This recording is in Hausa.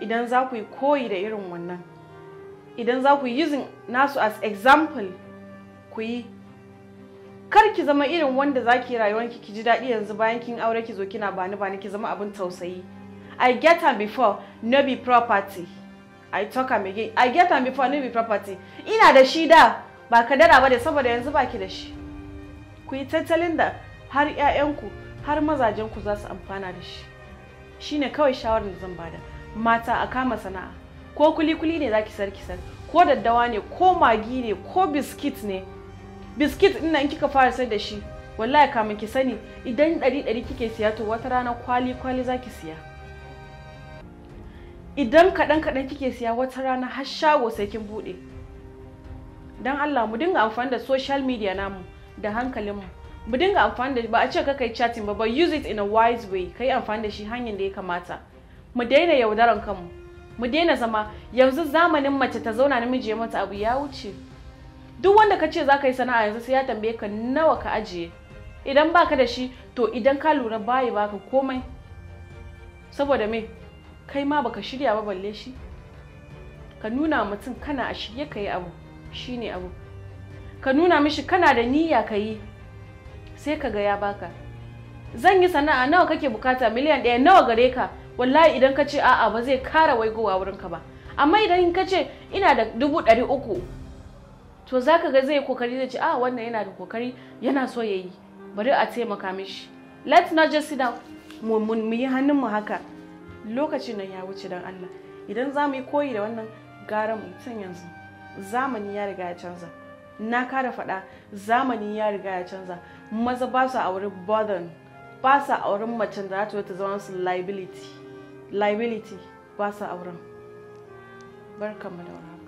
idan za ku yi koyi da irin wannan idan za ku yi using nasu as example ku yi kar ki zama irin wanda za ki rayuwanki ki ji daɗi yanzu bayan kin aure ki zo kina bani bani ki zama abin tausayi i get am before no be property i talk am again i get am before no be property ina da shi da ba kadara ba da saboda yanzu baki da shi ku yi tattalin da har 'ya'yanku har mazajenku za su amfana da shi shine kawai shawarar da zan bada mata a kama sana'a ko kulikuli kuli ne zaki sarki sar ko daddawa ne ko magi ne ko biskit ne biskit ina in kika fara sai da shi wallahi kamun ki sani idan ɗari ɗari kike siya to wata rana kwali kwali zaki siya idan kaɗan kaɗan kike siya wata rana har shago sai kin buɗe don Allah mu dinga amfani da social media namu da hankalinmu mu dinga amfani da ba a ce ka kai chatting ba but use it in a wise way kai amfani da shi hanyar da ya kamata mu daina yaudaran kanmu mu daina zama yanzu zamanin mace ta zauna namiji ya mata abu ya wuce duk wanda ka ce za ka yi sana'a yanzu sai ya tambaye ka nawa ka ajiye idan baka da shi to idan ka lura bayi baka komai saboda me kai ma baka shirya ba balle shi ka nuna mutum kana a shirye ka yi abu shine abu ka nuna mishi kana da niyya ka yi sai ka ga ya baka zan yi sana'a nawa kake bukata miliyan ɗaya nawa gare ka wallahi idan ka ce a'a ba zai kara waigowa wurin ka ba amma idan ka ce ina da dubu ɗari uku to za ka ga zai kokari zai ce a ah, wannan yana da kokari yana so ya yi bari a taimaka mishi let's not just sit down mu yi hannun mu haka lokacin nan ya wuce don Allah idan za mu yi koyi da wannan gara mu tun yanzu zamani ya riga ya canza na kara faɗa zamani ya riga ya canza maza ba su a wurin burden ba sa auren macen da za ta zama su liability liability ba sa auren mu da warhaka